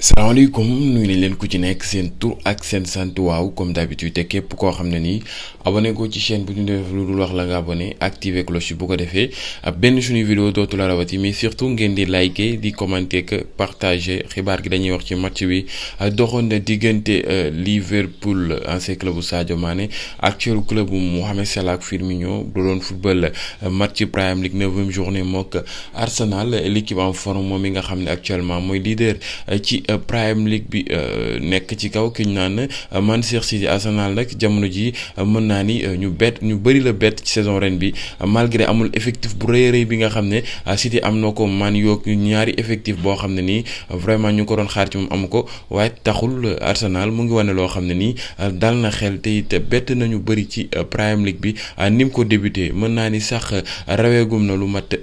salaamaaleykum nuyu nañ leen ku ci nekk seen tur ak seen sant waaw comme d'habitude te képp koo xam ne nii abonné ko ci chaîne bu ñu def lu dul wax la nga abonné activer cloche bu ko defee benn suñu vidéo dootu la rawati mais surtout ngeen di liker di commenter que partager xibaar gi dañuy wax ci match bi doxoon na diggante euh, Liverpool ancien club bu Sadio Mané actuel club bu Mohamed Salah ak Firmino du doon football euh, match Premier League neuvième journée mook Arsenal l'équipe en forme moom mi nga xam ne actuellement mooy leader euh, ci. Euh, prime league bi euh, nekk ci kaw ki ñu naan euh, Manchester City Arsenal rek jamono ji mën naa ni ñu bett ñu bëri la bett ci saison ren bi malgré amul effectif bu rëy rëy bi nga xam ne City am na ko man yoog ñaari effectif boo xam ne nii vraiment ñu ko doon xaar ci moom amu ko waaye taxul Arsenal mu ngi wane loo xam ne nii dal na xel te bett na ñu bëri ci prime league bi ni mu ko débuté mën naa ni sax raweegum na lu mat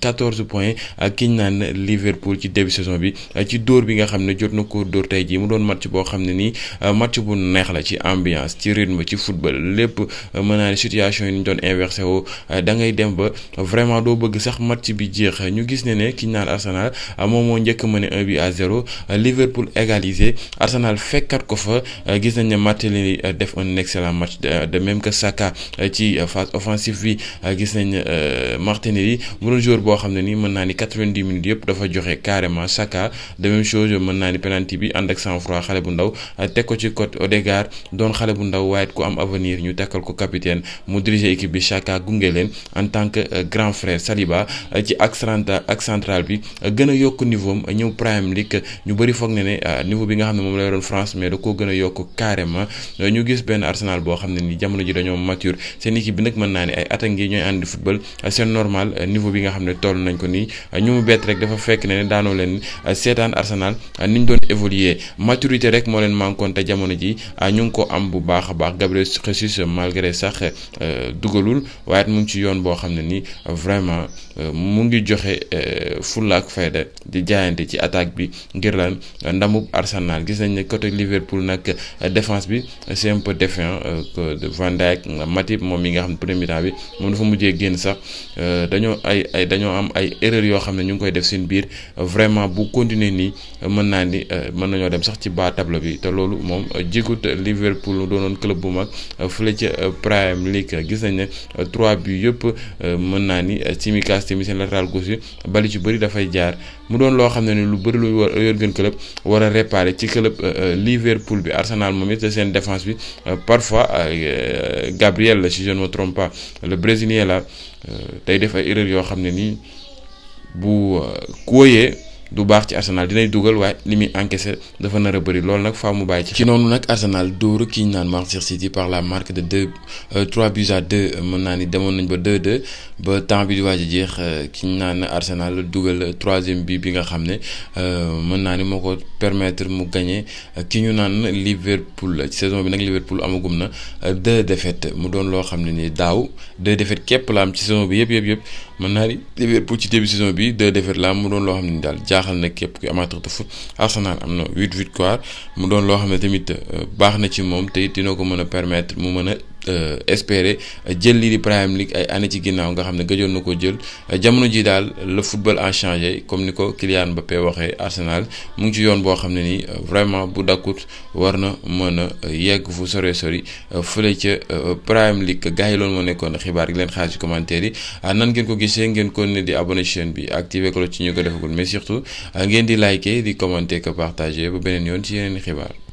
14 points ki ñu naan Liverpool ci début saison bi ne jot na ko dóor tey jii mu doon match boo xam ne nii euh, match bu neex la ci ambiance ci rythme ci football lépp euh, mën naa ne situation yi ñu doon inversé wo euh, da ngay dem ba vraiment doo bëgg sax match bi jeex ñu gis ne ne kiñ naan Arsenal moom moo njëkk mën a 1 bi à 0 Liverpool égalisé Arsenal fekkat ko fa gis nañ ne Martinelli def un excellent match de même que Saka ci phase offensive bi gis nañ Martinelli mu doon joueur boo xam ne nii mën naa ni 90 minutes yëpp dafa joxe carrément Saka naani penalti bi ànd ak sang-froid xale bu ndaw teg ko ci côté Odegaard doon xale bu ndaw waaye ku am avenir ñu takkal ko capitaine mu diriger équipe bi Chaka gunge leen en tant que euh, grand frère Saliba euh, ci axe central axe central bi euh, gën a yokk niveau am ñëw Premier League ñu bari foog ne ne niveau bi nga xam ne moom la yoroon France mais da koo gën a yokk carrément ñu gis benn Arsenal boo xam ne ni jamono ji dañoo mature seen équipe bi nag mën naa ne ay attaques yi ñooy àndi football c'est normal niveau nga xam ne toll nañ ko nii ñu mu bett ni ñu doon évoluer maturité rek moo leen mankoon te jamono ji ah, ñu ngi ko am bu baax a baax Gabriel Jesus malgré sax euh, dugalul waaye mu ngi ci yoon boo xam ne ni vraiment euh, mu ngi joxe euh, fulla ak de di jaayante ci attaque bi ngir lan ndamub Arsenal gis nañ ne côté Liverpool nag défense bi c'est un peu défiant euh, que Van Dijk Matip moom mi nga xam ne premier temps bi moom dafa mujjee génn sax euh, dañoo ay ay dañoo am ay erreurs yoo xam ne ñu ngi koy def seen biir vraiment bu continuer nii mën naa ni euh, mën nañoo dem sax ci bas tableau bi te loolu moom jigut Liverpool mu doonoon club bu mag fële ca Premier League gis nañ ne trois buts yëpp mën naa ni Tsimikas tamit seen latéral gauche bi bali ci bëri dafay jaar doon loo xam ne ni lu bëri lu war Jürgen war a réparer ci club euh, euh, Liverpool bi Arsenal moom it seen défense bi euh, parfois Gabriel la si je ne me le brésilien la tey def ay erreur yoo xam ne nii bu kooyee du baax ci Arsenal dinay dugal waaye li muy encaissé dafa nar a bëri loolu nag faa mu bàyyi ci. noonu nag Arsenal dóoru kii ñu naan Manchester City par la marque de deux euh, trois buts mën naa ni demoon nañ ba deux deux ba temps bi di waaj a jeex euh, ki ñu naan Arsenal dugal troisième bi bi nga xam ne euh, mën naa ni moo ko permettre mu gagné ki ñu naan Liverpool ci saison bi nag Liverpool amagum na de défaites mu doon loo xam ne ni daaw deux défaites képp la am ci saison bi yëpp yëpp yëpp mën naa ni Liverpool ci début saison bi deux défaites la am mu doon loo xam ne ni daal jaaxal na képp ku amateur de foot Arsenal am na huit victoire mu doon loo xam ne tamit euh, baax na ci moom tey it dina ko mën a permettre mu mën a Euh, espérer jël lii di Premier League ay année ci ginnaaw nga xam ne gëjoon na ko jël euh, jamono ji daal le football a changé comme ni ko Kylian Mbappé waxee Arsenal mu ngi ci yoon boo xam ne nii euh, vraiment bu dakkut war na mën a yegg fu sore sori fële ca Premier League gars yi loolu moo nekkoon xibaar gi leen xaar ci commentaire yi nan ngeen ko gisee ngeen kon ne di abonné chaîne bi activé ko ci ñu ko defagul mais surtout ngeen di liker di commenter ko partager ba beneen yoon ci yeneen xibaar.